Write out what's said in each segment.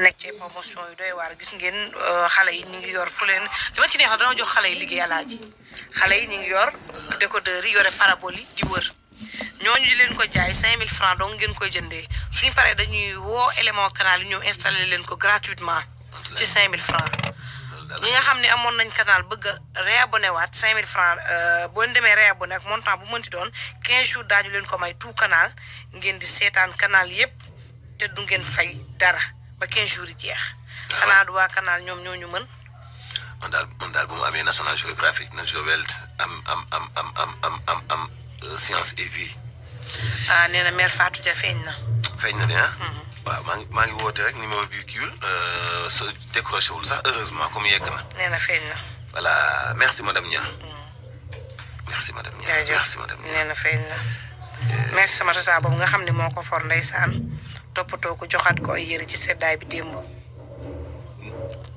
nekk ci promotion yu doy waar gis ngeen euh, xale yi ñu ngi yor fu leen li ma ci neexal dañoo jox xale yi liggéey xale yi ñu ngi yor décodeurs yi yore parabole yi di wër ñooñu leen ko jaay 5000 francs donc ngeen koy jëndee suñu paree dañuy woo élément canal yi ñoom installé leen ko gratuitement ci 5000 francs ñi nga xam ne amoon nañ canal bëgg a réabonné waat 5000 francs euh, boo demee réabonné ak montant bu mënti doon 15 jours daañu leen ko may tout kanaal ngeen di seetaan kanaal yépp te du ngeen fay dara. ba 15 jours yi canal ñoo ñu mën. man National Geographic am am euh, science et vie. ah la Fatou na. la na de la ah? mhm. euh, heureusement comme na. merci madame Nia. Mhm. merci madame Nia. merci madame Nia euh, merci madame. tata madame. toppatoo ko joxaat ko ay yére ci seddaay bi démb.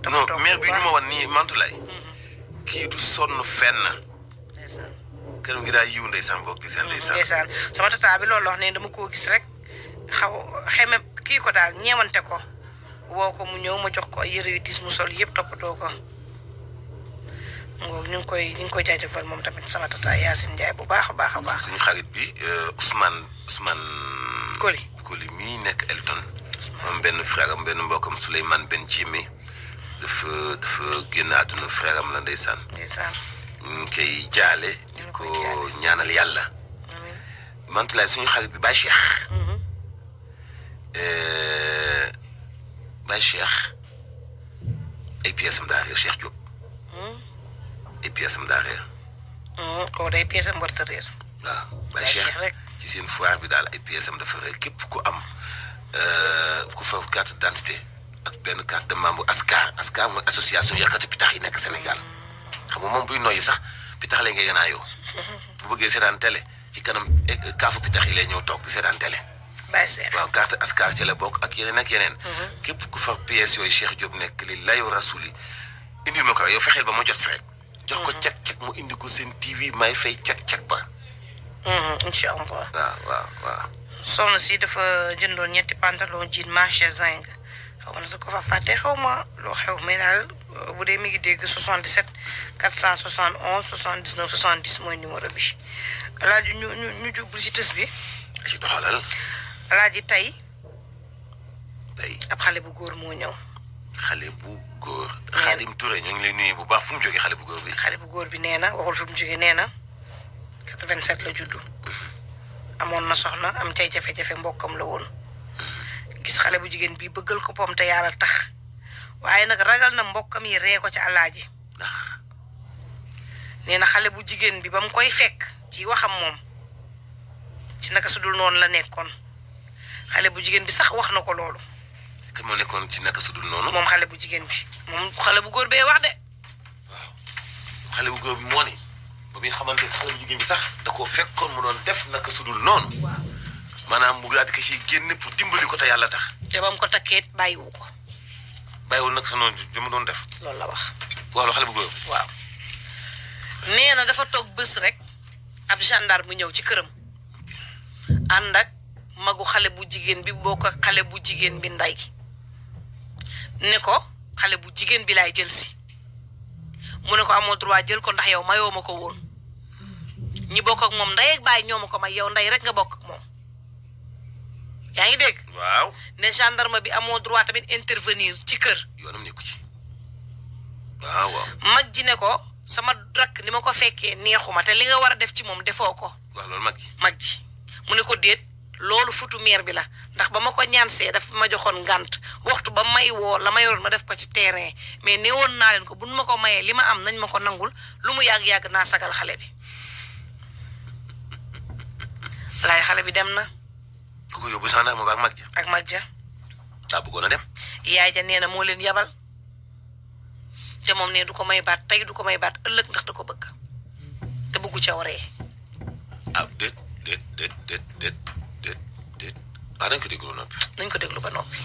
toppatoo bi ñu ma wan nii Mantoulaye. kii du sonn fenn. gi daal yiw ndeysaan boo gisee ndeysaan. ndeysaan sama tata bi loolu wax ne dama koo gis rek xaw xeme kii ko daal ñeewante ko woo ko mu ñëw ma jox ko ay yére yu diis mu sol yëpp toppatoo ko. ngoo ñu ngi koy ñu ngi koy jaajëfal moom tamit sama tata Yacine Ndiaye bu baax a baax a baax. suñu xarit bi euh, Ousmane Ousmane. Koli. Coly mii nekk Elton moom benn frère am benn mbokkam Souleymane Ben Jimé dafa dafa génn àdduna frère am la ndeysaan ñu ngi jaale di ko ñaanal yàlla mantulaay suñu xarit bi Baye Cheikh mhm. euh, Baye Cheikh ay pièces daa réer Cheikh Diop mhm. ay pièces mhm. daa réer waaw Baye Cheikh ci seen foire bi daal ay pièces am dafa rëy képp ku am euh, ku fa carte d'identité ak benn carte de membre ASCA ASCA mooy association yarkatu pitax yi nekk Sénégal xam nga moom buy noyyi sax pitax lay ngay naayoo. bu bëggee seetaan télé ci kanam e, kaafu pitax yi lay ñëw toog di seetaan télé. waaw carte ASCA ci ak yeneen ak yeneen. Mhm. képp ku fa pièces yooyu Cheikh Diop nekk li layu rasul yi indil ma ko yow fexeel ba ma jot si rek. jox ko càq mhm. càq mu indi ko seen TV may fay càq càq Mm-hmm, incha allah waaw waaw waaw. soxna si dafa jëndoon ñetti pantalon jean marché zinc xaw ma su ko fa fàtte xaw ma loo xew mais daal euh, bu dee mi ngi dégg 77 471 79 70 mooy numéro bi alaaji ñu ñu ñu jublu si tës bi. ci doxalal. alaaji tey. tey ab xale bu góor moo ñëw. xale bu góor. xaadim Touré ñu ngi lay nuyu bu baax fu mu jógee xale bu góor bi. xale bu góor bi nee na waxul fu mu jógee nee na. 87 la juddu amoon na soxna am tay jafé jafé mbokam la won gis xalé bu jigen bi bëggal ko pom te yàlla tax waaye nak ragal na mbokam yi ree ko ci alaaji nee xalé bu jigen bi bam koy fekk ci waxam mom ci naka sudul non la nekkon xalé bu jigen bi sax wax nako lolu ke kan mo nekkon ci naka sudul non mom xalé bu jigen bi Mom xalé bu gor bee wax de. waaw xalé bu gor bi mo ni ba muy xamante xale bu jigéen bi sax da ko fekkon mu doon def naka sudul non. manam mu gadi ka ci genn pour dimbali ko ta yalla tax te bam ko takkee bayiwuko bayiwul nak sa non ju mu doon def lool la wax walu xale bu goor waaw neena dafa tok bés rek ab gendarme ñew ci kërëm andak magu xale bu jigen bi boo ko xale bu jigen bi nday gi ne ko xale bu jigen bi lay jël si mu ne ko amo droit jël ko ndax yow mayo mako won ñi bokk ak moom ndey ak baay ñoo ma ko may yow ndey rek nga bokk moom yaa ngi dégg. waaw ne gendarme bi amoo droit tamit intervenir ci kër. yoonam mag ji ne ko sama rakk ni ma ko fekkee neexuma te li nga war a def ci moom defoo ko. waaw mag ji mag ji mu ne ko déet. loolu futu meer bi la ndax ba ma ko ñaansee daf ma joxoon ngànt waxtu ba may woo la ma yoroon ma def ko ci terrain mais ne woon naa leen ko bu nu ma ko mayee li ma am nañ ma ko nangul lu mu yàgg-yàgg naa sagal xale bi laay xale bi dem na. ku ko yóbbu gendarme ba ak mag ja. ak mag ja. daa bëggoon a dem. yaay ja nee na moo leen yabal te moom ne du ko may baat tey du ko may baat ëllëg ndax da ko bëgg te bëggu ca waree. ah ah nañ ko déglu ba noppi.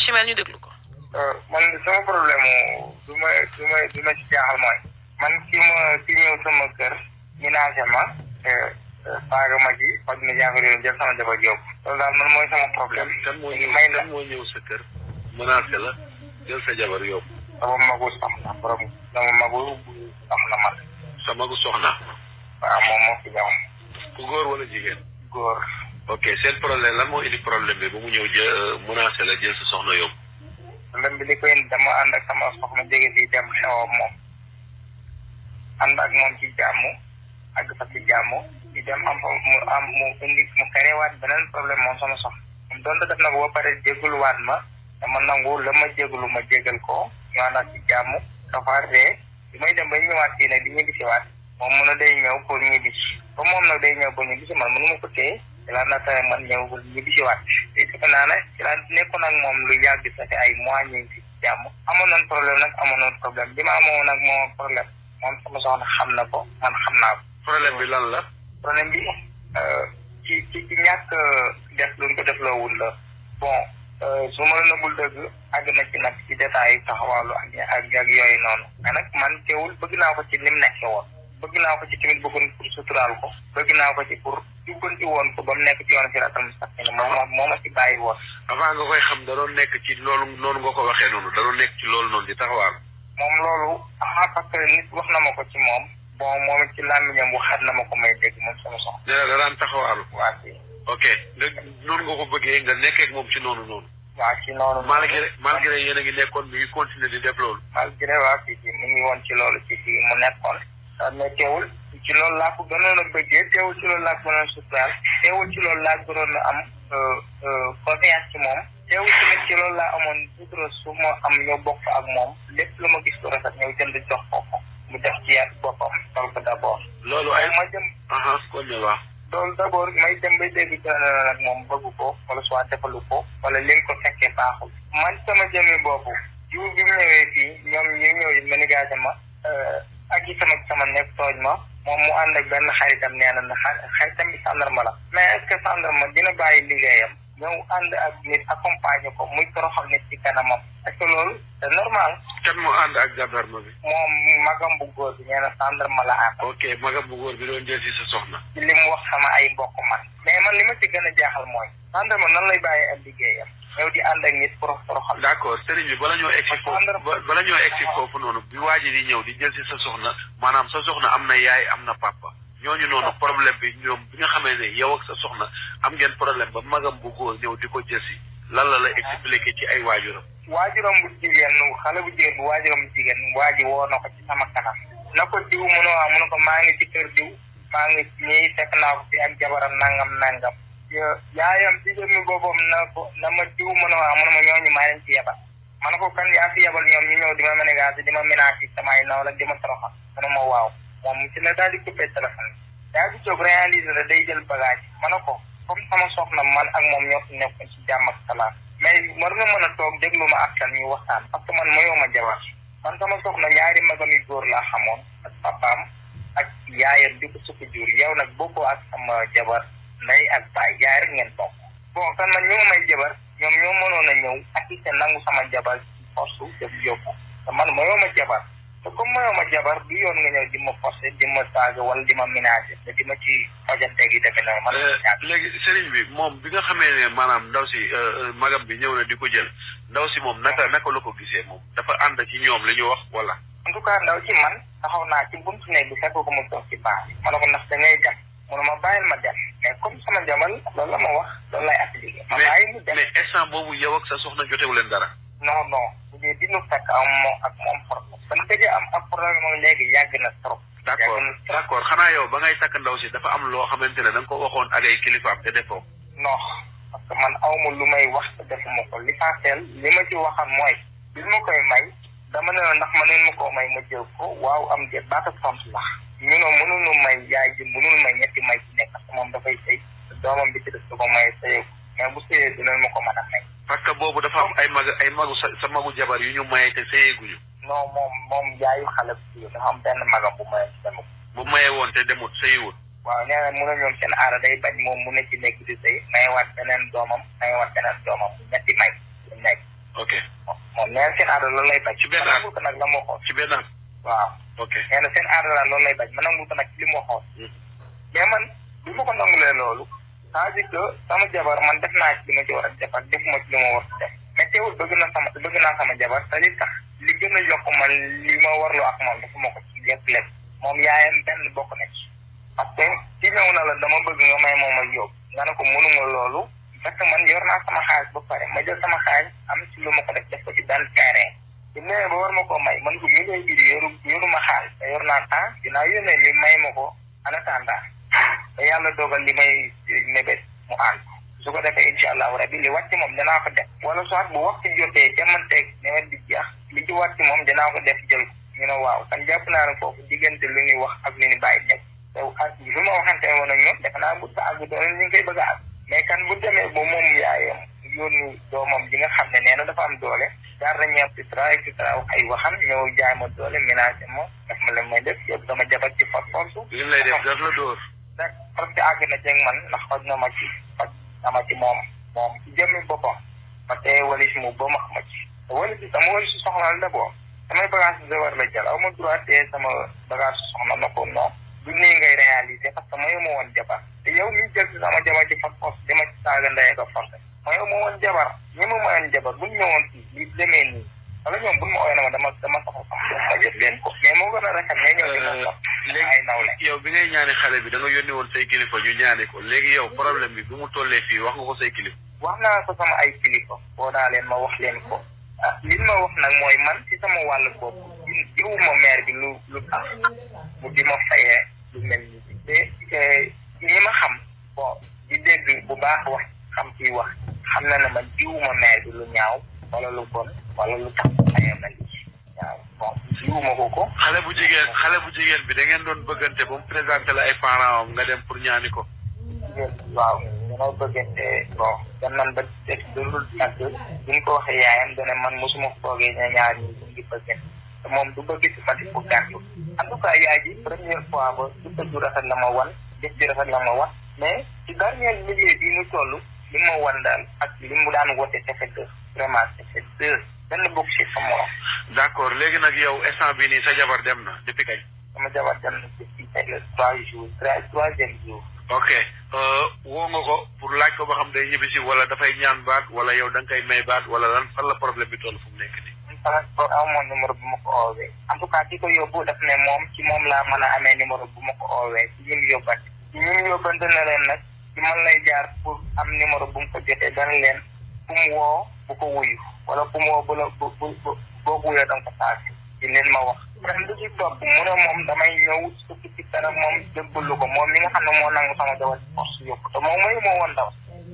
Chimel ñu déglu ko. Euh, man sama problème du ma du ma du ma ci jaaxal mooy. man ki ma ki ñëw sama kër ménagement. Euh, saaga ma ji faj ma jàngoro yoon jël sama jabar yóbbu loolu daal man mooy sama problème kan moo may sa kër menacé la jël sa sama magu borom sama magu soxna man magu soxna waaw moom moo fi jawam ku góor wala jigéen góor ok seen problème lan moo indi problème bi mu ñëw jë menacé la jël sa soxna yóbbu problème bi li dama ak sama soxna jege si dem xewam moom ànd ak moom ci jamu. fa ci di dem am mu am mu indi mu waat beneen problème moom sama sox donte def na boo ba pare jégaluwaat ma dama nangu la ma jégalu ma jégal ko ñaanal ci jàmm kafaar ree li may dem ba ñëwaat fii nag di ñu gisiwaat moom mun a day ñëw pour ñu gis ba moom nag day ñëw pour ñu gis man ma ko téye ci laa nattare man ñu gisiwaat te naa ne ci laa nekkoon ak moom lu yàgg sax ay mois ñu ngi jàmm amoon nañ problème nag amoon nañ bi ma amoon nag moom problème moom sama soxna xam na ko man xam naa ko problème bi lan la problème bi euh, ci ci ci ñàkk euh, def luñ ko defloowul la bon euh, su ma la nangul dëgg àgg na ci nag ci détails yi taxawaalu ak ak ak yooyu noonu mais nag man teewul bëgg naa ko ci ni mu nekkee woon bëgg naa ko ci tamit bëggoon pour suturaal ko bëgg naa ko ci pour jubbanti woon ko ba mu nekk ci yoon si ratam sax moom moo ma ci bàyyi woon avant nga koy xam da doon nekk ci loolu noonu nga ko waxee noonu da doon nekk ci loolu noonu di taxawaalu moom loolu ah parce que nit wax na ma ko ci moom bon moom ci làmmiñam waxaat na ma ko may dégg moom sama soxna. nee na da daan taxawaalu. waaw si. ok nga noonu nga ko bëggee nga nekkee ak moom ci noonu noonu. waaw ci noonu. malgré malgré yéen a ngi nekkoon mi ngi continuer di def loolu. malgré waaw si si mu ngi woon ci loolu ci si mu nekkoon. mais teewul ci loolu laa ko gënoon a bëggee teewul ci loolu laa ko gënoon a suturaal teewul ci loolu laa gënoon a am euh, euh, confiance ci moom. teewul ci loolu laa amoon su ma am ñoo bokk ak moom lépp lu ma gis lu rafet ñëw jënd jox ko ko. mu def ci yar boppam donc d' abord. loolu ay ma jëm. kon ne waaw. loolu d' abord may dem ba dégg coono nag moom bëggu ko wala soit defalu ko wala leen ko fekkee baaxul. man sama jëmmi boobu. jiw bi mu ñëwee fii ñoom ñu ñëw it ma ni gaa sama. Euh, ak yi sama sama nekk tooj ma. moom mu ànd ak benn xaritam nee na xaritam bi gendarme la. mais est ce que gendarme dina bàyyi liggéeyam. ñëw ànd ak nit accompagner ko muy toroxal nit ci kanamam. est loolu c'est normal. kan moo ànd ak gendarme bi. moom magam bu góor bi nee na gendarme la ànd. ok magam bu góor bi doon jël si sa soxna. ci li mu wax sama ay mbokk man. mais man li ma ci gën a jaaxal mooy. gendarme nan lay bàyyi ak liggéeyam. ñëw di ànd ak nit torox toroxal. d'accord sëriñ bi bala ñoo egsi foofu bala ñoo egsi foofu noonu bi waa ji di ñëw di jël si sa soxna maanaam sa soxna am na yaay am na pappa ñooñu noonu problème bi ñoom bi nga xamee ne yow ak sa soxna am ngeen problème ba magam bu góor ñëw di ko jël si lan la la expliqué ci ay waajuram. waajuram bu jigéen xale bu jigéen bu waajuram bu jigéen waa ji woo na ko ci sama kanam. na ko diw mu ne waa mu ne ko maa ngi ci kër diw maa ngi ñii fekk naa ko fi ak jabaram nangam nangam. yaayam ci jëmmi boppam na ko na ma jiw ma ne waa ma ñooñu maa leen ci yebal. ma ne ko kan yaa fi yebal ñoom ñu ñëw di ma menace di ma menace sama ay naw la di ma toroxal mu ne ma waaw. moom ci la daal di coupé téléphone daal di jóg réaliser la day jël bagage ma ne ko comme sama soxna man ak moom ñoo fi nekkoon ci jàmm ak salaam mais mën a toog déglu ma ak kan waxtaan parce man mayoo ma jabar man sama soxna ñaari magam yu góor laa xamoon ak papaam ak yaayam di ko jur yow nag bokkoo ak sama jabar nday ak baay yaay rek ngeen bokk bon kan man ñu ma may jabar ñoom ñoo mënoon a ñëw ak it nangu sama jabar ci force dem yóbbu man mayoo jabar Sokomma majabardiyo nga dimo passé dimo saaga wala dimo ménager da dimo ci fajante gi dëgg na man eh, légui serigne bi mom bi nga xamé né manam ndaw si eh, eh, magam bi ñëw na diko jël ndaw si mom naka naka la gisé mom dafa and ci ñom lañu wax wala en kan, tout cas ndaw ci man taxaw na ci buntu né bi fekk ko mu tok ci baax man ko nax da ngay dem ma bayil ma dem mais comme sama jamal loolu la ma wax loolu lay ya, appliqué ma bayil mu dem mais instant boobu yow ak sa soxna jotewu dara non non bu dinu am um, mo ak dama gëj am ak problème moom léegi yàgg na trop. d' accord d' accord xanaa yow ba ngay takk ndaw si dafa am loo xamante ne da nga ko waxoon ak ay kilifaam te defoo. non parce que man awma lu may wax te defuma ko li fanseel li ma ci waxam mooy li ma koy may dama ne la ndax ma ne ma koo may ma jël ko waaw am de baata tontu la. ñu ne mënuñu may yaay ji mënuñu may ñetti may ci nekk parce moom dafay sëy doomam bi ci des du ko may sëyee ko mais bu sëyee dinañ ma ko mën a may. boobu dafa am ay mag ay magu sa magu jabar yu ñu maye te sëyeeguñu. non moom moom jaayu xale bi dafa am benn magam bu maye demut. bu maye woon te demut sëyiwut. waaw nee na mu ne ñoom seen aada day bañ moom mu ne ci nekk di sëy mayewaat beneen doomam mayewaat beneen doomam ñetti may ñu nekk. ok moom nee na seen aada loolu lay bañ. ci benn at ko nag la moo xool. ci benn waaw. ok nee na seen aada la loolu lay bañ ma nangu ko nag li moo xool. Hmm. mais man bi ma ko nangulee loolu. c'est-à-dire que sama jabar man def naa ci li ma ci war a def a def mais teewul bëgg na sama bëgg naa sama jabar cest à tax. gën a yokk ma li ma warloo ak man dafa ma ko ci lépp moom yaayam benn bokk na ci parce que ci ñëw na la dama bëgg nga may moom ak yóbbu nga ne ko mënuma loolu parce man yor naa sama xaalis ba pare ma jël sama xaalis am ci lu ma ko def def ko ci ma koo may man ko ñu lay mbiri yoru yoruma te yor naa temps dinaa yónnee li may ma ko en attendant te yàlla dogal li may mébét mu ànd su ko defee incha allahu rabi li wàcc moom danaa ko def wala soit bu waxtu jotee jamanteeg nawet bi jeex li ci war moom dinaa ko def jël ñu ne waaw kan jàpp naa ne foofu diggante lu ñuy wax ak ni ñu bàyyi teg te ak bi ma waxante woon ak ñoom defe naa but ba àgg doon ñu ngi koy a àgg kan bu demee ba moom yaayam yónni doomam bi nga xam ne nee na dafa am doole jaar na ñepp et cetera et cetera ay waxam jaay ma doole ménagé ma daf ma la may def yóbbu sama jabar ci fas force li lay def la dóor nag parce que àgg na jeg man ndax xoj na ma ci faj na ma ci moom moom ci jëmmi boppam ma teewalis mu ba ma ma wala ci sama wala si soxlaal d'abord samay bagage da war la jël aw ma droit sama bagage su soxna na ko non du nee ngay réaliser parce que mayoo ma woon jabar te yow mi jël si sama jabar ci fas fas dama ci saaga ndey ko forcé ma woon jabar ñi ma mayoon jabar buñ ñëwoon fii li demee nii wala ñoom buñ ma ooy na ma dama dama soxla sax ma jël leen ko mais moo gën a rafet mais ñëw leen sax euh, nawle yow bi ngay ñaane xale bi da nga yónni woon say kilifa ñu ñaane ko léegi yow problème bi bu mu tollee fii wax nga ko say kilifa wax naa sa sama ay kilifa boo daa leen ma wax leen ko ah li ma wax nag mooy man ci sama wàllu bopp jiwuma maire bi lu lu tax mu di ma fayee lu mel ni te eh, ñi ma xam bon di dégg bu baax wax xam ciy wax xam na ne man jiwuma maire bi lu ñaaw wala lu bon wala lu tax mu fayee ma lii waaw bon jiwuma ko ko. xale bu jigéen xale bu jigéen bi da ngeen doon bëggante ba mu présenté la ay parents am nga dem pour ñaani ko. waaw. danoo bëggante bon dem nañ ba teg dulul nag buñ ko waxee yaayam dana man mosuma foogee ne ñaar ñi ñu ngi bëggante te moom du bëgg si ma di ko gàntu en tout cas yaay ji première fois ba du tëju rafet la ma wan jëf rafet na ma wan mais ci dernier milieu bi ñu toll ma wan daal ak li mu daan wote te deux vraiment tefe deux benn bokk si sa morom d' accord léegi nag yow instant bi nii sa jabar dem na depuis kañ sama jabar dem na depuis tey trois jours trois troisième ok euh, woo nga ko pour laaj ko ba xam ne day ñibbisi wala dafay ñaan baat wala yow da nga may baat wala lan fan la problème bi toll fu mu nekk nii. amoon numéro bu ma ko oowee en tout cas ki ko yóbbu moom ci moom laa mën a amee numéro bu ma ko oowee ci ñun yóbbante ñun yóbbante na leen nag ci man lay jaar pour am numéro bu mu ko jotee dana leen ku mu woo bu ko wuyu wala ku mu woo bu la bu bu boo ko wuyoo da nga ko paase. yeneen ma wax ndax lu ci topp mu ne moom damay ñëw sukki ci tara moom dëggalu ko moom mi nga xam sama jabar force yóbbu te may moo woon daw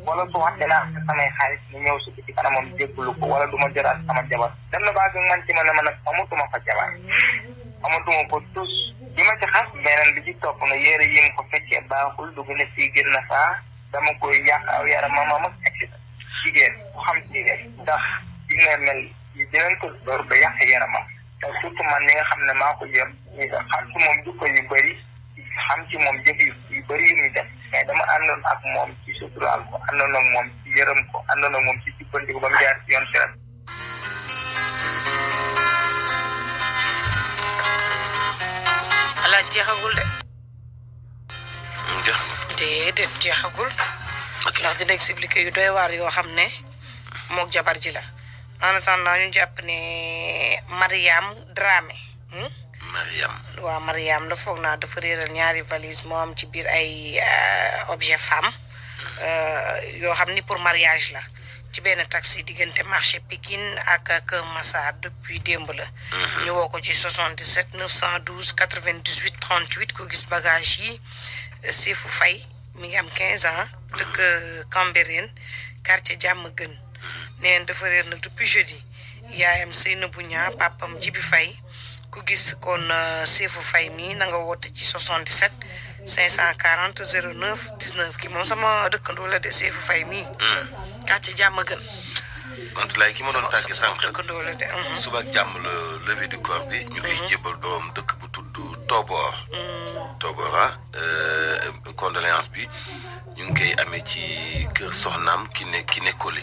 wala su wax ñu ci ko wala duma sama jabar dem na baa man ci ma ne ma nag fa jabar amatuma ko tus bi ci xas beneen bi ci topp na yére yi ko fekkee baaxul dugg na fii gën na dama koy ak xam ci ndax dina mel dinañ ko door ba yàq yaramam surtout man mi nga xam ne maa ko jëm xam ci moom jikko yu bëri xam ci moom jëf yu bëri yu muy def mais dama àndoon ak moom ci suturaal ko àndoon ak moom ci yërëm ko àndoon ak moom ci jubbanti ko ba mu jaar ci yoon sirat ala jeexagul de déedéet jeexagul ndax dina expliqué yu doy waar yoo xam ne moog jabar ji la en attendant ñu jàpp ne mariyam Dramé. Hmm? Mariam. waaw la foog naa dafa réeral ñaari valise moom ci biir ay euh, objet femme euh, yoo xam ni pour mariage la ci benn taxi diggante marché Pikine ak Kër Massar depuis démb la. Mhm. ñëwoo ko ci 77 912 98 38 ku gis bagage yi Sefou Faye mi ngi am 15 ans. dëkk euh, Cambérène quartier Diamaguène. neen dafa réer na depuis jeudi yaayam si Seynabou Niang papam Jibi fay ku gis kon euh, Seefou fay mii na nga ci 77 540 09 19 ki moom sama dëkkandoo la de Seefou Faye mii. kàcce hmm. jàmm gën. sant lay ki ma doon tàggee sànq hmm. suba ak jàmm la levée du corps bi. ñu koy hmm. jébal doom dëkk bu tudd Tobor. Tobor ah, euh, condoléance bi. ñu ngi koy amee ci kër soxnaam ki ne ki nekkoli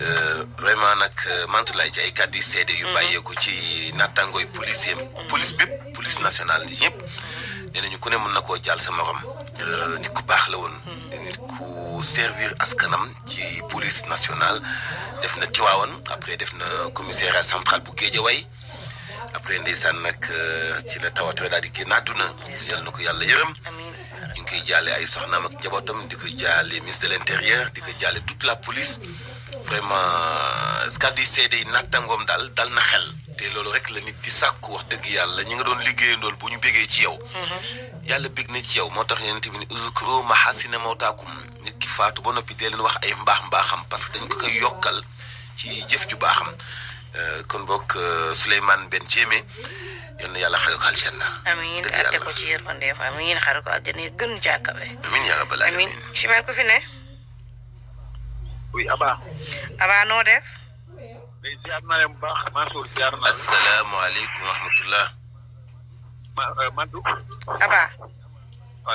euh, vraiment nag euh, Mantoulaye ci ay kàddu yu seede yu mm-hmm. bàyyeeku ci nattangooy police yem mm-hmm. police bépp police nationale yi ñëpp nee nañu ku ne mën na koo jaal sa morom euh, nit ku baax la woon mm-hmm. nit ku servir askanam ci police nationale def na Tiwaawan après def na commissariat central bu Géejawaay après ndeysaan nag ci la tawatoo daal di génn àdduna yal na ko yàlla yërëm ñu ngi koy jaale ay soxnaam ak njabootam di ko jaale ministre de l' intérieur di ko jaale toute la police vraiment kàddu yi seede yi daal dal na xel te loolu rek la nit di sàkku wax dëgg yàlla ñu nga doon liggéeyandool bu ñu bégee ci yow mhm. yàlla bég na ci yow moo tax yéen tamit uzkuru mahasina mawtaakum nit ki faatu ba noppi dee leen wax ay mbaax mbaaxam parce que dañ ko koy yokkal ci jëf ju baaxam euh, kon bokk euh, Souleymane Ben Jéeme yal yàlla xaral ko aljanna. amiin atte ko ci yërmandeef amiin xaral ko aljanna yi gën jàkkawe. amiin yaa rabbal aalamiin amiin. Chimère ku fi ne. Aba. noo def. mais ziar naa leen bu baax. Mansour ziar naa leen. asalaamaaleykum wa rahmatulah. ma euh, Madou. Aba.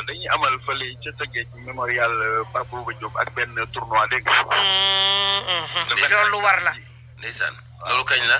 dañuy amal fële ca Tëngéej mémorial euh, ak benn tournoi dégg nga. Mm, mm, mm. loolu war la. ndeysaan loolu kañ la.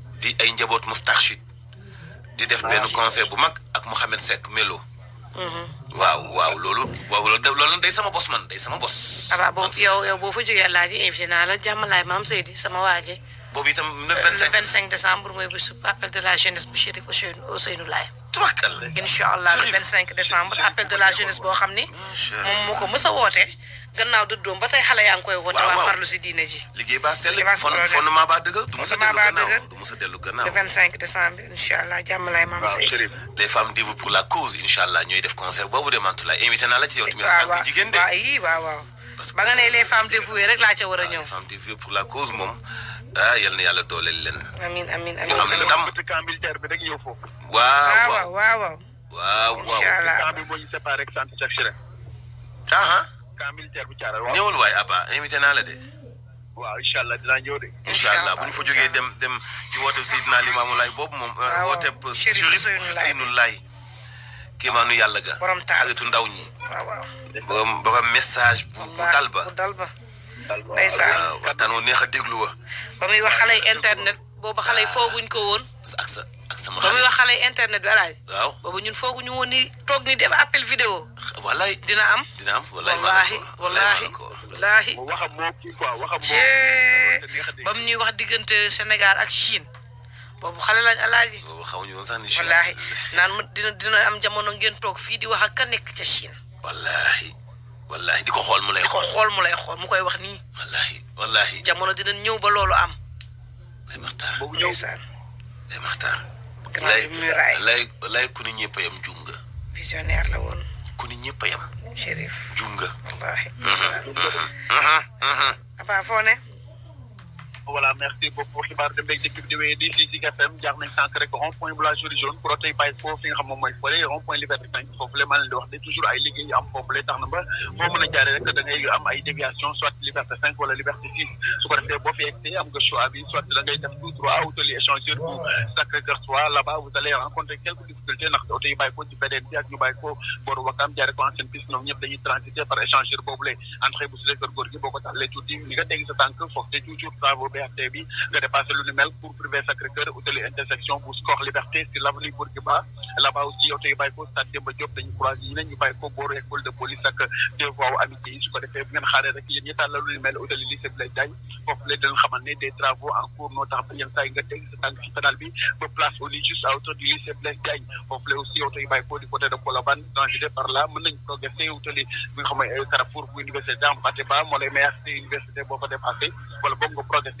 di ay njaboot Moustarchid di def benn concert bu mag ak Mouhamed Seck Melo. Mm-hmm. waaw waaw loolu. waaw loolu day sama bos man day sama bos. abaa boobu yow yow boo fa jógee laaj invité naa la jàmmalaay maam Seydi sama waaje boobu itam le vingt cinq décembre mooy bisu appel de la jeunesse bu Chérif Ousseynou Laye. tubaab kàlla incha allah le vingt cinq décembre appel de la jeunesse boo xam ni. moom moo ko mës a woote. gannaaw dëddoom ba tey xale yaa ngi koy woote waa farlu si diine ji liggéey ba sell fondement ba dëgg du musa dellu gannaaw du musa dellu gannaaw le 25 décembre incha allah jàmm lay maam say les femmes divu pour la cause incha allah ñooy def concert boobu de Mantoulaye invité naa la ci yow tamit ak jigéen de waaw waaw ba nga ne les femmes dévouées rek laa ca war a ñëw femmes dévouées pour la cause moom ah yal na yàlla dooleel leen amin amin amin am ndam waaw waaw waaw waaw waaw incha allah kan militaire bu caaral waaw ñëwal waay Abba invité naa la de waaw incha allah dinaa ñëw de incha allah bu ñu fa jógee dem dem ci woote Seydina Limaamu Laay boobu moom woote Chérif Seynu Laay kéemaanu yàlla ga xaritu ndaw ñi borom borom message bu dal ba ndeysaan waxtaan wu neex a déglu wa ba muy wax xale internet boobu xale fooguñ ko woon ak sa sama xale ba internet bi alaay. boobu ñun foogu ñu woon ni toog ni def appel vidéo. wallaay dina am. dina am wallaahi wallaahi wallaahi. waxam moo kii quoi ñuy wax diggante Sénégal ak Chine. boobu xale lañ alaaji. boobu xamuñu woon sax ni Chine. wallaahi naan ma dina dina am jamono ngeen toog fii di wax ak ka nekk ca Chine. wallaahi. wallaahi di ko xool mu lay. xool di mu lay xool mu koy wax nii. wallaahi wallaahi. jamono dinañ ñëw ba loolu am. day maxtaan grande muraille lay lay ku ni ñëpp visionnaire la woon. ku ni ñëpp a yem. Chérif juum nga. wallaahi. Mm-hmm. Mm-hmm. Mm-hmm. abaa voilà merci beaucoup xibaar dem beeg dikk bi di wéyee di fii Zik FM jaar nañ sànq rek rond point bu la Jolie Jaune pour tey bàyyi foofu fi nga xam moom mooy fële rond point Liberté 5 foofu la ma leen di wax de toujours ay liggéey yu am foofu la tax na ba boo mën a jaaree rek da ngay am ay déviation soit Liberté 5 wala Liberté 6 su ko defee boo fi yegsee am nga choix bi soit da ngay def tout droit autoli échangeur bu Sacré-Cœur soit là-bas vous allez rencontrer quelques difficultés ndax oto yi bàyyi ko ci VDN bi ak ñu bàyyi ko booru Wakam jaaree ko ancienne piste ñoom ñëpp dañuy transiter par échangeur boobu la entrée bu Sacré-Cœur góor gi boo ko taxlee tuuti li nga tegi sa tànk foofu te toujours travaux BRT bi nga dépassé lu ni mel pour privé Sacré-Cœur ou télé intersection bu Score Liberté si l'avenue Bourguiba là-bas aussi oto yi bàyyi ko stade Demba Diop dañu croisé yi ne ñu bàyyi ko école de police ak deux voies amitié yi su ko defee bu ngeen xaaree rek yéen ñi tàlla lu ni mel utali lycée Blaise Diagne foofu la dañ xamal des travaux en cours noo tax ba yenn saa yi nga teg sa tànk bi ba place au lit juste à hauteur du lycée Blaise Diagne foofu la aussi oto yi bàyyi ko du côté de Colobane danger par là mën nañ progressé utali bi nga xam ne euh, Carrefour bu université Jean Paté Ba moo lay meilleur université boo ko dépassé wala boog nga progressé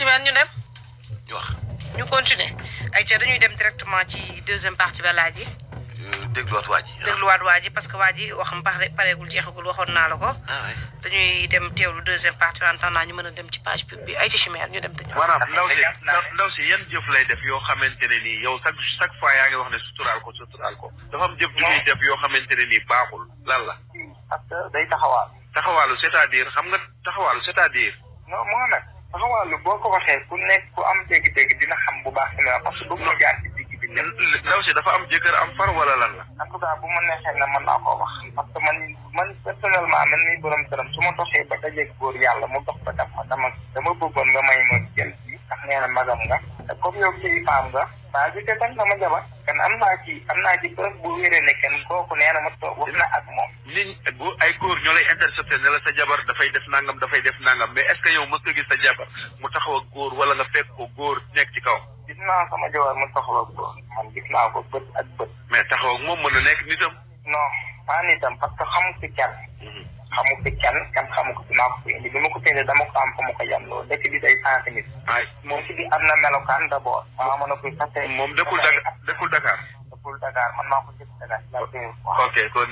ci benn ñu dem. ñu wax. ñu continuer ay ca dañuy dem directement ci deuxième partie ba laaj yi. dégluwaat waa ji. Ah. dégluwaat waa ji parce que waa ji waxam pare pareegul jeexagul waxoon naa la ko. Ah, dañuy dem teewlu deuxième partie en naa ñu mën a dem ci page pub bi ay ci chimère ñu dem. dañoo maanaam ndaw si ndaw si yan jëf lay def yoo xamante ne nii yow chaque chaque fois yaa ngi wax ne suturaal ko suturaal ko. dafa am jëf ju ñuy def yoo xamante ne nii baaxul lan la. parce que day taxawaal. taxawaalu c'est-à-dire xam nga taxawaalu cest à taxawaalu boo ko waxee ku nekk ku am dégg-dégg dina xam bu baax la parce que bu ma jaar ci digg bi. ndaw si dafa am jëkkër am far wala lan la. na tout cas bu ma neexee na mën naa koo wax. parce que man man personnellement man mii borom këram su ma doxee ba dajeeg góor yàlla mu dox ba dama dama bëggoon nga may ma jël. ndax nee na magam nga te comme yow kilifaam nga baa bi te kan sama jabar kan am naa ci am naa ci preuve bu wéree kenn kooku nee na ma toog wax na ak moom liñ bu ay góor ñoo la sa jabar dafay def nangam dafay def nangam mais est-ce yow mës nga sa jabar mu taxaw ak góor wala nga fekk ko góor nekk ci kawam gis naa sama jabar mu taxaw ak góor man gis naa ko ak bët mais taxaw ak moom mën na nekk nitam non pas nitam parce que xam si kenn mhm. xamu ko can can xamu ko si maa ko fi indi bi ma ko tëjee dama ko am fa ma ko yem loolu dëkk bi day changé nit. waay moom si bi am na melokaan d' abord. maa mën a koy sax tey. moom dëkkul Dakar dëkkul Dakar. dëkkul Dakar man maa ko jël Dakar. ok kon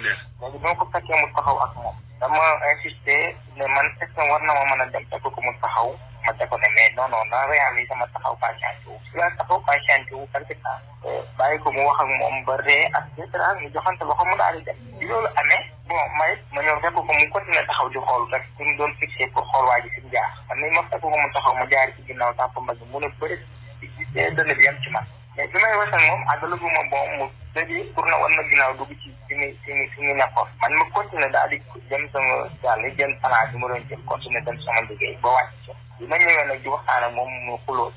ma ko fekkee mu taxaw ak moom. dama insisté man question war na ma mën a dem fekk ko mu taxaw. ma def ko ne mais non non la réalité ma taxaw patiente wu. su la taxaw patiente wu pratiquement. Euh, bàyyi ko mu wax ak moom ba ree ak et cetera ñu joxante loxo mu daal di dem. loolu amee. bon may ma ñëw fekk ko mu continué taxaw di xool rek fi doon fixé pour xool waa ji fi mu jaar man ni ma fekk ko mu taxaw mu jaar ci ginnaaw tàmp mbagg mu ne bëri te ci man. mais ma bon na war na ginnaaw dugg ci fi muy fi muy fi ma continué daal di dem sama daal di jël plan bi ma doon jël continué dem sama liggéey ba wàcc ci. bi ma ñëwee nag di waxtaan ak moom mu xuloo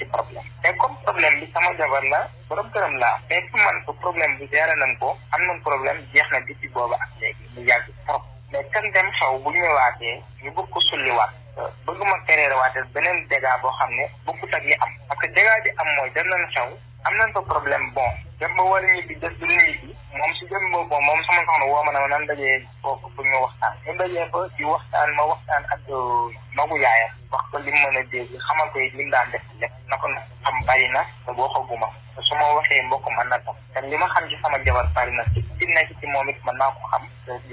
ci problème mais comme problème bi sama jabar la borom këram laa mais pour man ko problème bi jaare nañ ko am nañ problème jeex na depuis boobu ak léegi mu yàgg trop mais kan dem xaw bu ñëwaatee ñu bëgg ko sulliwaat euh, bëgg ma tereere waate beneen dégât boo xam ne bokkut ak li am parce que dégât bi am mooy dem nañ xaw am nañ ko problème bon dem ba war a ñibbi des du ñibbi moom si dem boobu moom sama soxna woo ma ne ma nan dajee foofu pour ñu waxtaan ñu dajee fa di waxtaan ma waxtaan ak euh, magu yaayam wax ko li mu mën a dégg xamal ko it li daan def lépp na ko xam bari na boo xaguma te su ma waxee mbokk mën na tam te li ma xam ci sama jabar bari na ci ci nekk ci moom it mën naa ko xam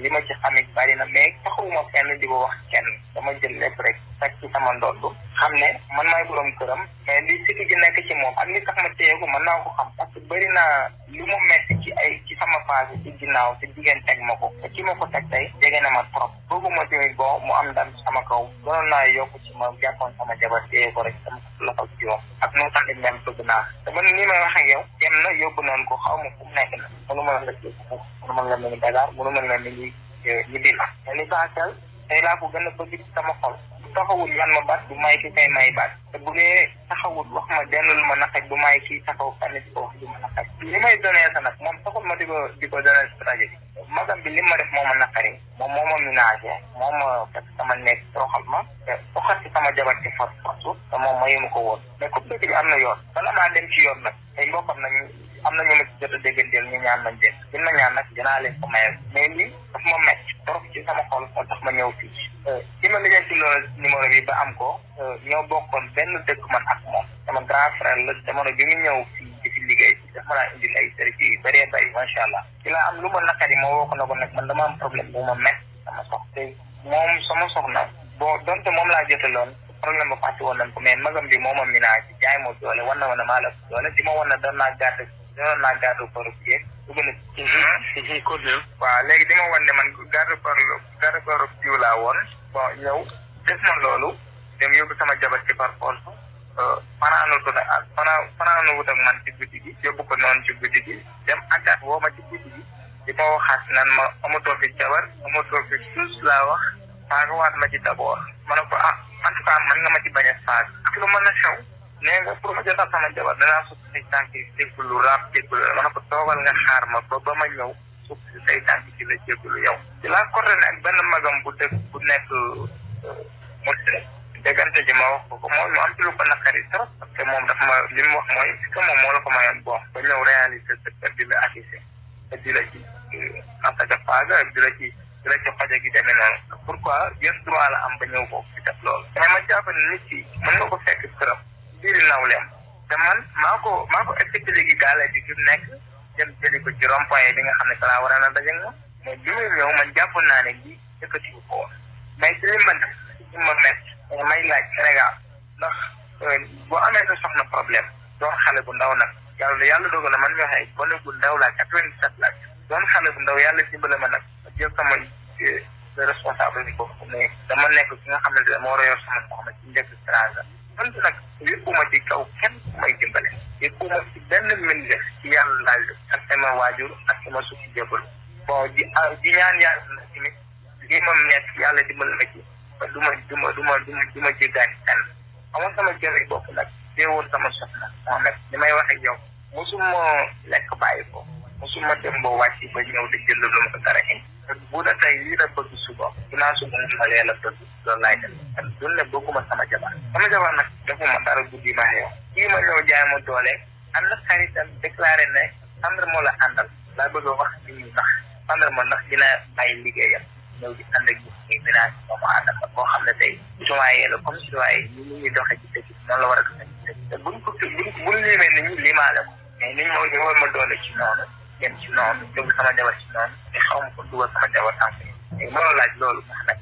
li ma ci xam it bari na mais taxawuma kenn di ko wax kenn dama jël lépp rek teg ci sama ndodd xam ne man maay borom këram mais li siti gi nekk ci moom ak li tax ma téye ko mën naa ko xam parce que bari lu mu metti ci ay ci sama phase ci ginnaaw te jigéen teg ma ko te ki ma ko teg tey jege na ma trop bëgguma tamit bon mu am ndam sama kaw mënoon naa yokk ci ma jàppoon sama jabar téye ko rek sama loxo ci yoon ak noonu sax dañ dem bëgg naa te man ni may wax ak yow dem na yóbbu nañ ko xaw ma fu mu nekk na mënu ma la ci mënu ma la ni Dakar mënu ma la ni ñi ñi di la te li baaxal tey laa ko gën a bëgg ci sama xol taxawul man ma bat bu may ki kay may baat te bu dee taxawul wax ma denn lu ma naqaj bu may kii taxaw fànn si ko wax ma naqaj li may donee sa nag moom taxul ma di ko di ko donee si projet bi magam bi li ma def moo ma naqari moom moo ma ménagé moo ma fekk sama nekk tooxal ma te toxal si sama jabar ci force force te moom mayu ma ko woon mais comme dëkk bi am na yoon bala maa dem ci yoon nag ay mbokkam nañu am na ñu a dégganteel ñu ñaan nañ leen buñ ma ñaan nag dinaa leen ko mayal mais lii daf ma métti trop ci sama xol moo tax ma ñëw fii ci euh, ma liggéey ci loolu numéro bi ba am ko euh, ñoo bokkoon benn dëkk man ak moom sama grand frère la jamono bi mu ñëw fii fi liggéey daf ma laa indil ay services yu bëree bëri macha allah ci laa am lu ma naqari ma woo ko na ko nag man dama am problème bu ma métti sama sox te moom sama soxna boo donte moom laa jotaloon problème ba fàtte woon nañ ko mais magam bi mooma minaa ci jaay ma doole wan na ma ne maa la doole ci ma wan na doon naa gàtt dinañ la garde corps pied dugg na ci code waaw léegi di ma wan ne man garde corps garde corps jiw laa woon bon ñëw def na loolu dem yóbbu sama jabar ci par force fanaanul euh, ko nag fanaan fanaanul wut ak man ci guddi gi yóbbu ko noonu ci guddi gi dem àggaat woo ma ci guddi gi di ma waxaat nan ma amatoo fi jabar amatoo fi suus laa wax faagawaat ma ci d'abord ma ne ko ah en tout cas mën nga ma ci bañ a faag ak lu mën a xew nee nga pour ma jot a sama jabar danaa sukk say tànk yi jéggalu raam jéggalu la ma ne ko toogal nga xaar ma ba ba ma ñëw sukk si say tànk ci la jéggalu yow. ci laa korte ne ak benn magam bu dëkk bu nekk euh, mu déggante ji ma wax ko ko mooy mu am ci lu ko naqari trop. parce que moom daf ma li mu wax mooy si que moom moo la ko mayoon bon ba ñëw réaliser secteur bi la affiché te di la ci euh, attaque faaga di la ci. di la ci xaja gi demee noonu. pourquoi yan droit la am ba ñëw ko ci def loolu. mais ma jàpp ne nit ki mën nga ko fekk këram. biir nawleem te man maa ko maa ko gi gaale bi fi nekk dem jëli ko ci point bi nga xam ne que laa war a daje nga mais bi muy ñëw man jàpp naa ne lii yëkkati ko mais ci li ma def ma met may laaj Sénégal ndax euh, boo amee sa soxna problème doon xale bu ndaw nag yàlla yàlla dogal na man mi waxee gone bu ndaw laa quatre-vingt-sept laa doon xale bu ndaw yàlla dimbale ma nag ma jël sama euh, responsabilité boobu ne dama nekk ki nga xam ne dama war a yor sama soxna ci njëkk man nag yëgguma ci kaw kenn may dimbale yëgguma ci benn mbindeef ci yàlla laaj ak sama waajur ak sama suuf si jébalu bon di ah, di ñaan yàlla na tamit lii ma nekk yàlla di ma ci ba du ma du ma du ma du ma du ma jéggaani kenn amoon sama jëriñ bopp nag teewoon sama soxna moo nag li may wax ak yow mosuma lekk bàyyi ko mosuma dem ba wàcc ba ñëw di jël lu ma ko dara indi bu la tey lii la bëgg suba dinaa suba ma lee la bëgg loolu laay def kan duñ ne bëgguma sama jabar sama jabar nag defuma dara guddi ma xew kii ma ñëw jaay ma doole am na xaritam déclaré ne Sandra moo la àndal laa bëgg a wax ci ñu ndax Sandra moo ndax dina bàyyi liggéeyam ñëw di ànd ak ñi ménage moomu àndal ma koo xam ne tey citoyen la comme citoyen yi ni ñuy doxee ci dëkk noonu la war a doxee ci dëkk te buñ ko buñ buñ liimee ni ñu limaale ko mais niñ ma ñëwoon ma doole dem ci noonu jóg sama jabar xaw ma ko dugal sama jabar enseigné. léegi mënoo laaj loolu ndax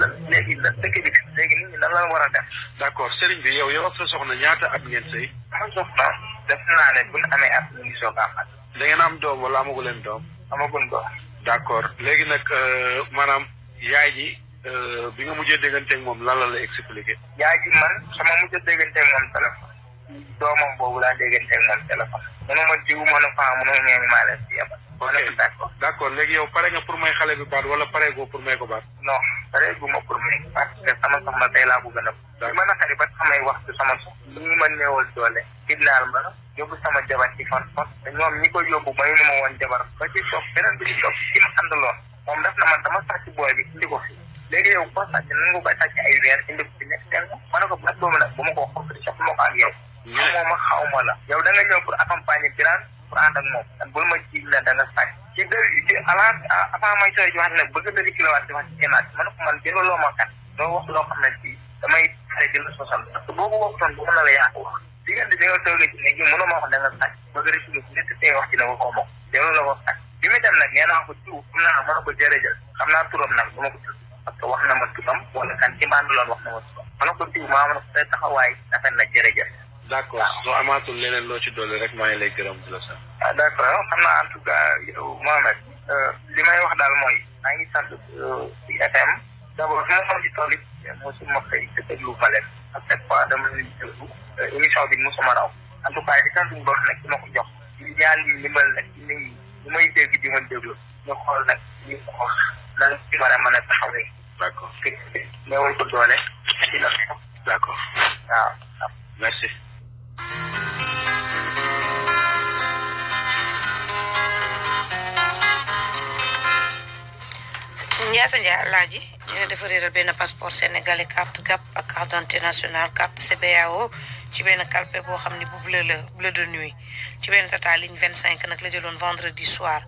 nag léegi la dëkk bi léegi nit ñi lan la war a def. d' accord sëriñ bi yow yow ak sa soxna ñaata at ngeen sëy. sama soxna def naa ne bu ñu amee at ñu ngi soog a am am doom wala amagu leen doom. amagul doom. d' accord léegi nag euh, maanaam yaay ji euh, bi nga mujjee dégganteeg moom lan la la expliqué. yaay ji man sama mujjee dégganteeg moom téléphone. doomam boobu laa déggante ak moom téléphone. mënu ma jiw mënu faa mënu ñeeñ maa leen si yebal. ok d' accord d' accord léegi yow pare nga pour may xale bi baat wala pare goo pour may ko baat. non pare gu ma pour may ko baat te sama soxna tey laa ko gën a. d' accord li ma naqari ba samay waxtu sama soxna. ñi ma néewal doole. kidnaal ma yóbbu sama jabar ci fan fan. te ñoom ñi ko yóbbu mayu ñu ma woon jabar ba ci toog beneen bi ci toog ci ma àndaloon. moom daf na man dama sàcc booy bi indi ko fi. léegi yow boo sàcc nan nga koy sàcc ay weer indi ko fi nekk teel ma. ma ne ko baat boobu nag bu ma ko wax ko ak yow ñëw ma xaw ma la. yow da nga ñëw pour accompagner Birane pour ànd ak moom. ma ji la dana sàcc. ci dëgg ci avant avant may sooy joxe nag bëgg na di kilowaat ma ko man jëlaloo ma kat doo wax loo xam ne ci damay xare di la sosal parce que ko waxtoon bu mën na la yaa wax. diggante bi nga toogee ci nekk yi mënoo ma wax da nga sàcc bëgg rek ñu nit tey wax ci na nga ko moom jëlaloo ko sàcc bi muy dem nee naa ko na ko jërëjëf xam naa turam nag dama ko tudd wax na ma turam wala kan ci mbaa wax na ma turam mën ko jiw maa mën na ko say taxawaay rafet na d' accord soo amaatul leneen loo ci dolli rek maa ngi lay gërëm di la sant. ah d' accord xam naa en tout cas yow Mohamed. Euh, li may wax daal mooy. maa ngi sant euh, ci FM. d' abord fi ma xam ci tool it. mosuma xëy te déglu ma leen. à chaque fois dama leen déglu. Euh, émission bi mosuma raw. en tout cas li sant bu baax nag dina ko jox. li ñaan yi limal nag ci nit ñi. li may dégg di ma déglu. ñu xool nag ñu xool. lan ci war a mën a taxawee. d' accord. néewal ko doole. d' accord waaw. merci. Ndiassa Ndiaye Alaaji ñu ne dafa benn passeport sénégalais carte GAP ak carte nationale carte CBAO ci benn calpe boo xam ni bu la bleu de nuit ci benn tata ligne 25 nag la jëloon vendredi soir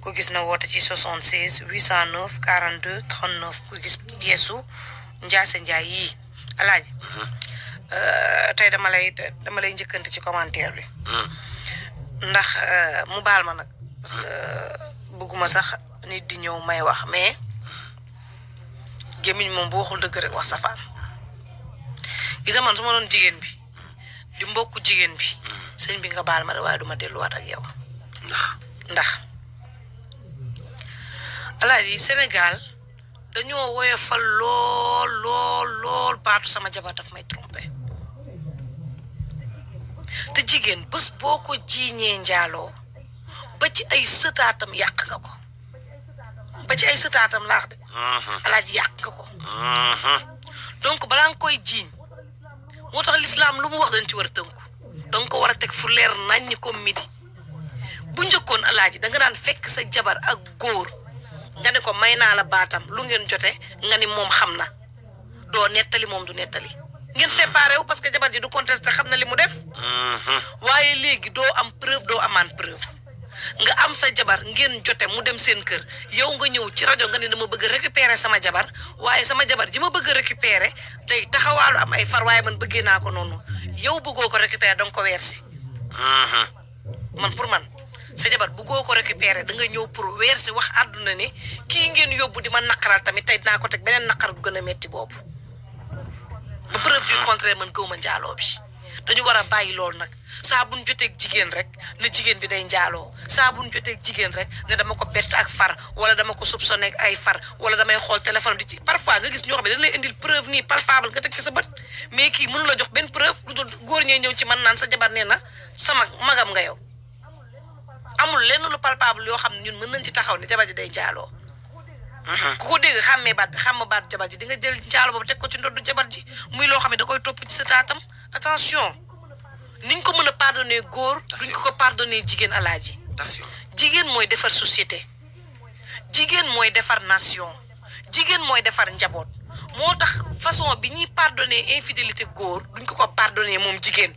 ku gis na woote ci 76 809 42 39 ku gis pièce su Ndiassa Ndiaye Alaaji mhm. Eh, tay dama lay dama lay njëkkante ci commentaire bi. Hmm. ndax eh, mu baal ma nak parce que bëgguma sax nit di ñëw may wax mais gémmiñ moom bu waxul dëgg rek wax safaan. gisa man su ma doon jigen bi di mbokk jigen bi hmm. sëñ bi nga baal ma de waaye duma wat ak yow. ndax ndax di Sénégal dañoo woyofal lool lool lool baatu sama jabar daf may tromper te jigen bes boko ko jiiñee ba ci ay setatam yak nga ko ba ci ay setatam laax de mm-hmm. alaaji yak nga ko mm-hmm. donc balang koy jiiñ motax l'islam lu mu wax dañ ci wara teunk donc wara ko fu leer naññ ko midi bu njëkkoon alaaji da nga nan fekk sa jabar ak goor nga ne ko mayna la batam lu ngeen jotté nga ni mom xamna do netali mom du netali ngeen séparé wu parce que jabar ji du contesté xamna limu do def mhm. waye légui do am preuve do amane preuve nga am sa jabar ngeen jote mu dem sen kër yow nga ñew ci radio nga ni dama bëgg récupérer sama jabar waye sama jabar ji ma bëgg récupérer day taxawalu am ay far waye man bëggee na ko nonu yow bëggoo ko récupérer dang ko wërsi mhm. man pour man sa jabar bu goko récupérer da nga ñew pour wërsi wax aduna ni ki ngeen yobbu di ma nakaral tamit tay ko tek benen nakar gu metti bobu ba preuve du contraire man gëw ma njaaloo bi dañu war a bàyyi loolu nag saabu bu ñu jigéen rek ne jigéen bi day njaaloo saabu bu ñu joteeg jigéen rek ne dama ko bett ak far wala dama ko soupçonné ak ay far wala damay xool téléphone di ci parfois nga gis ñoo xam ne dañ lay indil preuve nii palpable nga teg ci sa bët mais kii mënu la jox benn preuve lu dul góor ñee ñëw ci man naan sa jabar nee na sama magam nga yow amul lenn lu palpable yoo xam ne ñun mën nañ ci taxaw ne jabar ji day njaaloo Mm-hmm. ku ko dégg xàmmee baat bi xàmm baat jabar ji di nga jël njaalo boobu teg ko ci ndoddu jabar ji muy loo xam ne da koy topp ci sa taatam attention niñ ko mën a pardonné góor duñ ko ko pardonné jigéen alaaji jigéen mooy defar société jigéen mooy defar nation jigéen mooy defar njaboot moo tax façon bi ñuy pardonné infidélité góor duñ ko ko pardonné moom jigéen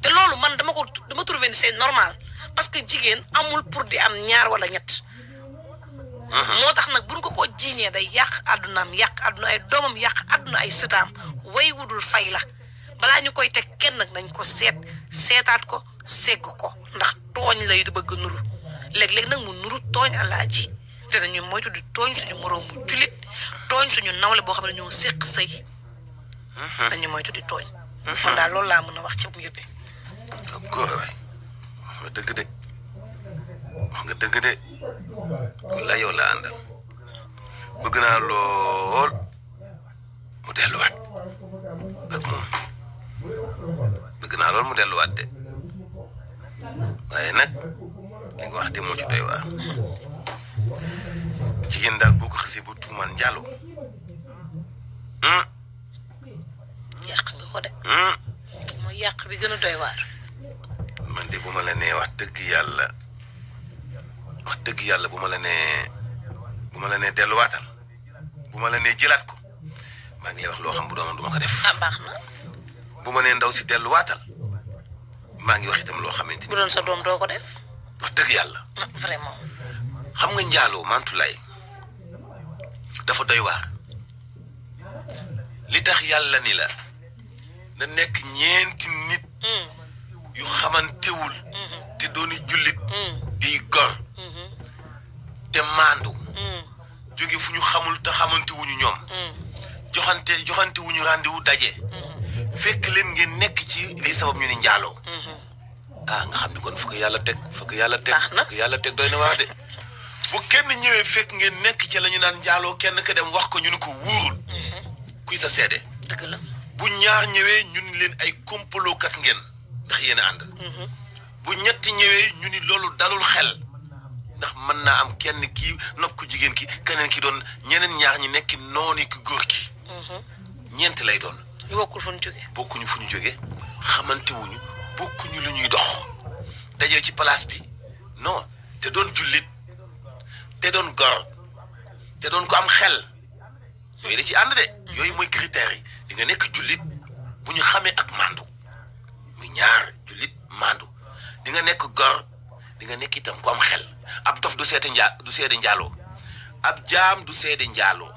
te loolu man dama ko dama trouvé c'est normal parce que jigéen amul pour di am ñaar wala ñett moo tax nag buñ ko ko jiiñee day yàq àddunaam yàq àdduna ay doomam yàq àdduna ay sëtaam way wudul fay la balaa ñu koy teg kenn nag dañ ko seet seetaat ko segg ko ndax tooñ lay bëgg nuru léeg-léeg nag mu nuru tooñ alaaji te nañu moytu di tooñ suñu moroomu jullit tooñ suñu nawle boo xam ne ñoo séq sëy nañu moytu di tooñ man daal loolu laa mën a wax ci mbir bi góor wax nga dëgg de ku la yow la àndal luar. naa lool mu delluwaat de waaye nag li nga wax de moo ci doy waar jigéen daal boo ko xasee ba tuumaan njàllu yàq nga ko de bi doy man de bu la nee wax wax dëgg yàlla bu ma la nee bu ma la nee delluwaatal bu ma la nee jëlaat ko maa ngi lay wax loo xam bu doonoon du ma ko def. Ah, bu ma nee ndaw si delluwaatal maa ngi wax itam loo xamante ni. bu doon sa doom doo ko def. wax dëgg yàlla. Ah, xam nga njaaloo Mantoulaye dafa doy waar li tax yàlla ni la na nekk ñeenti nit. Hmm. yu xamantewul mm-hmm. te dooni jullit mm-hmm. di gor mm-hmm. te maandu jóge fu ñu xamul te xamante wuñu ñoom joxante joxante wuñu daje fekk leen ngeen nekk ci lii sabab ñu ni njaaloo ah nga xam ni kon fu yàlla teg fu yàlla teg fu yàlla teg doy na wax de bu kenn ñëwee fekk ngeen nekk ci la ñu naan njaaloo kenn ka dem wax ko ñu ni ko wuurul kuy sa seede bu ñaar ñëwee ñu ni leen ay kompalookat ngeen ndax yéen a ànd. bu ñetti ñëwee ñu ni loolu dalul xel ndax mën naa am kenn kii nopp ku jigéen ki keneen ki doon ñeneen ñaar ñi nekk noonu ku góor ki ñeenti lay doon. ñu bokkul fu ñu jógee. bokkuñu fu ñu jóge xamantewuñu wuñu bokkuñu lu ñuy dox daje ci place bi non te doon jullit te doon gor te doon ko am xel yooyu da ci ànd de. yooyu mooy critères yi di nga nekk jullit bu ñu xamee ak màndu. muy ñaar jullit maandu di nga nekk gor di nga nekk itam ku am xel ab tof du seede njaa du seede njaaloo ab jaam du seede njaaloo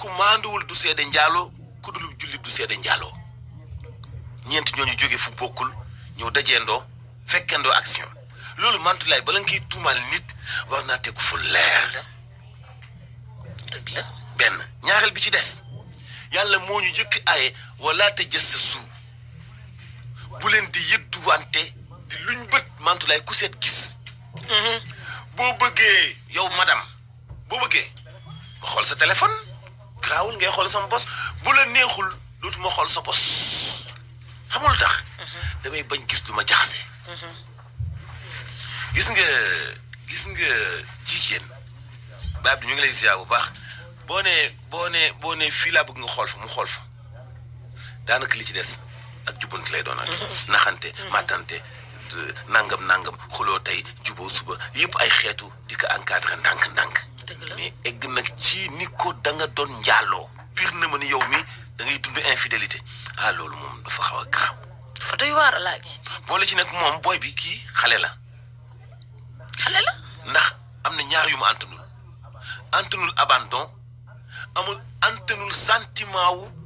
ku maanduwul du seede njaalo ku dul jullit du seede njaaloo ñeent ñooñu jóge fu bokkul ñëw dajeendoo fekkendoo action loolu mantulaay bala nga koy tuumaal nit war naa tegu fu leer dëgg la benn ñaareel bi ci des yàlla moo ñu jëkk aye wala te jës sa suuf bu leen di yëdduwante di luñ bët mantulaay ku seet gis mhm. boo bëggee yow madame boo bëggee nga xool sa téléphone gaawul ngay xool sama bos bu la neexul dootuma xool sa bos xamul tax mhm. damay bañ gis lu ma jaxase mhm. gis nga gis nga jigéen baab bi ñu ngi lay ziar bu baax boo ne boo ne boo nee fii laa bëgg nga xool fa mu xool fa daanaka li ci des ak jubbanti lay doon naxante matante nangam nangam xuloo tey juboo suba yëpp ay xeetu dikk ko encadré ndànk-ndànk mais egg nag ci ni ko danga doon njaaloo biir na ma ni yow mi dangay ngay dund infidélité ah loolu moom dafa xaw a garaaw dafa doy waar laaj boole ci nag moom booy bi kii xale la xale la ndax am na ñaar yu mu antanul antanul abandon amul antanul sentiment wu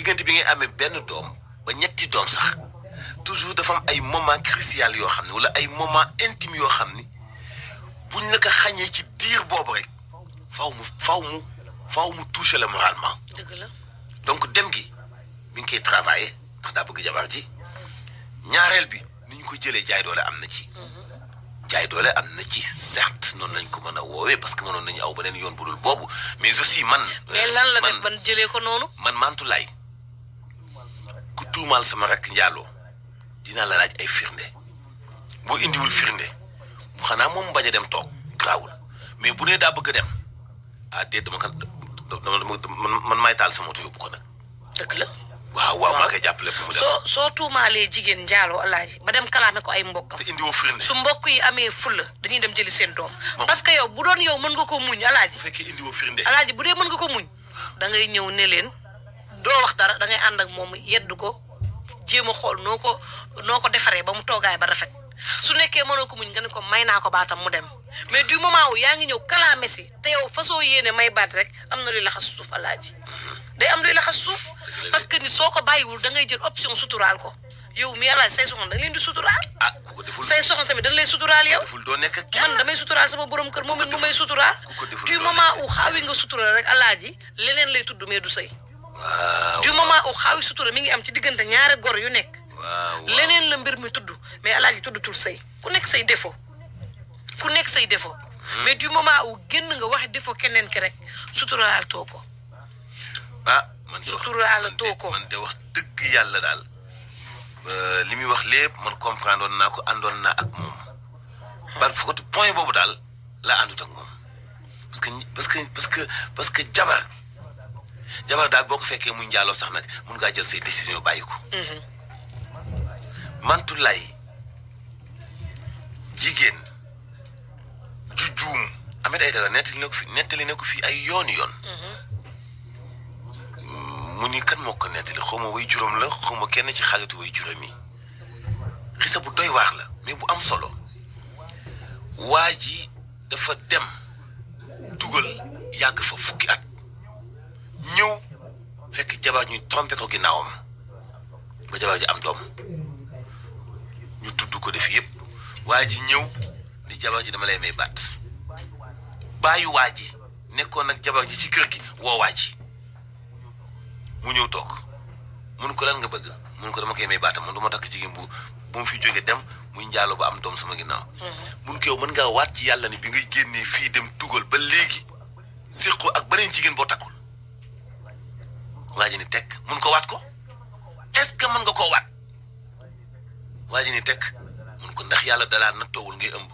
diggante bi ngay amee benn doom ba ñetti doom sax toujours dafa am ay moment crucial yoo xam ne wala ay moment intime yoo xam ni buñ la ko xañee ci diir boobu rek faw mu faw mu faw mu touché la moralement. dëgg la donc dem gi mi ngi koy travaillé ndax daa bëgg jabar ji ñaareel bi ni ñu ko jëlee jaay doole am na ci. jaay doole am na ci certes noonu nañ ko mën a woowee parce que mënoon nañu aw ba beneen yoon bu dul boobu mais aussi man. mais lan la euh, def ban jëlee ko noonu. man Mantoulaye. ku tumal sama rek njaalo dina la laaj ay firnde indi wul firnde bu xana mom baña dem tok grawul mais bu nee daa bëgg a dem ah déet dama kan man may taal sama moto bu ko nak dëgg la. waaw waaw ma kay jappalé bu mu dem so so tumalé jigen njaalo alaaji ba dem kalamé ko ay mbokkam te indi wo firnde su mbokk yi amé ful dañuy dem jëli seen doom parce que yow bu doon yow mën nga ko muñ alaaji bu indi wo firnde alaaji bu dé mën nga ko muñ da ngay ñëw ne len doo wax dara da ngay ànd ak moom yedd ko jéem a xool noo ko noo ko defaree ba mu toogaay ba rafet su nekkee mënoo ko muñ nga ne ko may naa ko baatam mu dem mais du moment où yaa ngi ñëw kalaame si te yow façon yéene may baat rek am na luy laxas suuf alaaji day am luy laxas suuf parce que nit soo ko bàyyiwul da ngay jël option suturaal ko yow mi yàlla say soxna da leen di suturaal. Ah, ko deful say soxna tamit dañ lay suturaal yow. doo nekk man damay suturaal sama borom kër moom it mu may suturaal. du moment où xaawi nga suturaal rek alaaji leneen lay tudd mais du sëy waaw du moment où xaawi sutura mi ngi am ci diggante ñaari goro yu nekk. leneen la mbir mi tudd mais alaaji tuddutul say ku nekk say défaut ku nekk say défaut. Hmm. mais du moment où génn nga wax defoo keneen ki rek suturaal too ko. ah man de suturaal too ko man de wax dëgg yàlla daal. li muy wax lépp man comprendre naa ko àndoon naa ak moom. bar foofu point boobu daal la àndut ak moom parce que parce que parce que parce que jabar. jabar daal boo ko fekkee mu njaaloo sax nag mun ngaa jël say décision bàyyi ko. Mantoulaye jigéen ju juum Ahmed Aïdara nettali na ko fi nettali na ko fi ay yooni yoon. mu ni kan moo ko nettali xaw ma juróom la xaw kenn ci xaritu way juróom yi xisa bu doy waar la mais bu am solo waa ji dafa dem dugal yàgg fa fukki at. ñëw fekk jabar ñu trompé ko ginnaawam ba jabar ji am doom ñu tudd ko def yëpp waa ji ñëw ni jabar ji dama la may baat bàyyi waa ji nekkoon nag jabar ji ci kër gi woo waa ji mu ñëw toog mun ko lan nga bëgg mun ko dama koy may baatam mun du ma takk jigéen bu bu mu fi jógee dem muy njaaloo ba am doom sama ginnaaw. Mm-hmm. mun yow mën ngaa waat ci yàlla ni bi ngay génnee fii dem tugal ba léegi séqoo ak beneen jigéen boo takkul. waa ji ni tekk mun ko waat ko est que mën nga koo waat waa ji ni tekk mun ko ndax yàlla dalaa nattoowul ngay ëmb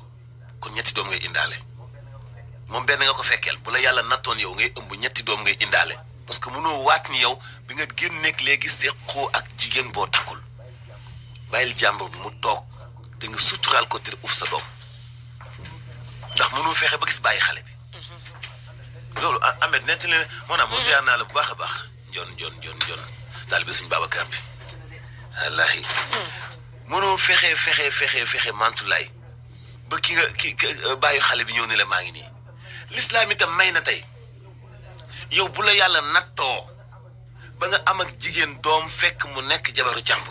kon ñetti doom ngay indaale moom benn nga ko fekkeel bu la yàlla nattoon yow ngay ëmb ñetti doom ngay indaale parce que mënoo waat ni yow bi nga génneeg léegi seqoo ak jigéen boo takkul bàyyil jàmbur bi mu toog te nga suturaal ko tir uf sa doom ndax mënoo fexe ba gis bàyyi xale bi mm-hmm. loolu Ahmed nettali ne moo naa moo ziar naa la bu baax a baax jon jon jon jon daal bi suñ Babacar bi wallaahi mënoo fexe fexe fexe fexe mantulaay ba ki nga ki euh, bàyyi xale bi ñëw ne la maa ngi nii lislaam itam may na tey yow bu la yàlla nattoo ba nga am ak jigéen doom fekk mu nekk jabaru jàmb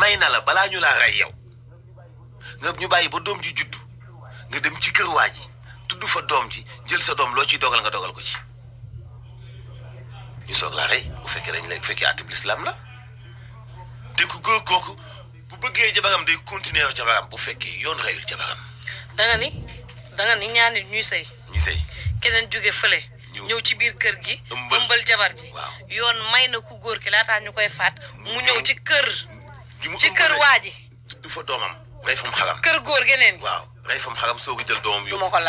may na la balaa ñu laa rey yow nga ñu bàyyi ba doom ji juddu nga dem ci kër waa ji tudd fa doom ji jël sa doom loo ciy dogal nga dogal ko ci ñu soog laa rey bu fekkee dañ lay bu fekkee àtte bi lislaam la te ku góor kooku bu bëggee jabaram de continuer wu jabaram bu fekkee yoon reyul jabaram. danga ni danga ni ñaar ñuy sëy. ñuy sëy keneen jóge fële. ñëw ci biir kër gi. ëmbal jabar ji waaw yoon may na ku góor ki laataa ñu koy faat. mu ñëw ci kër. ci kër waa ji. du fa doomam rey fam xaram. kër góor geneen waaw rey fam xaram soog a jël doomam yóbbu.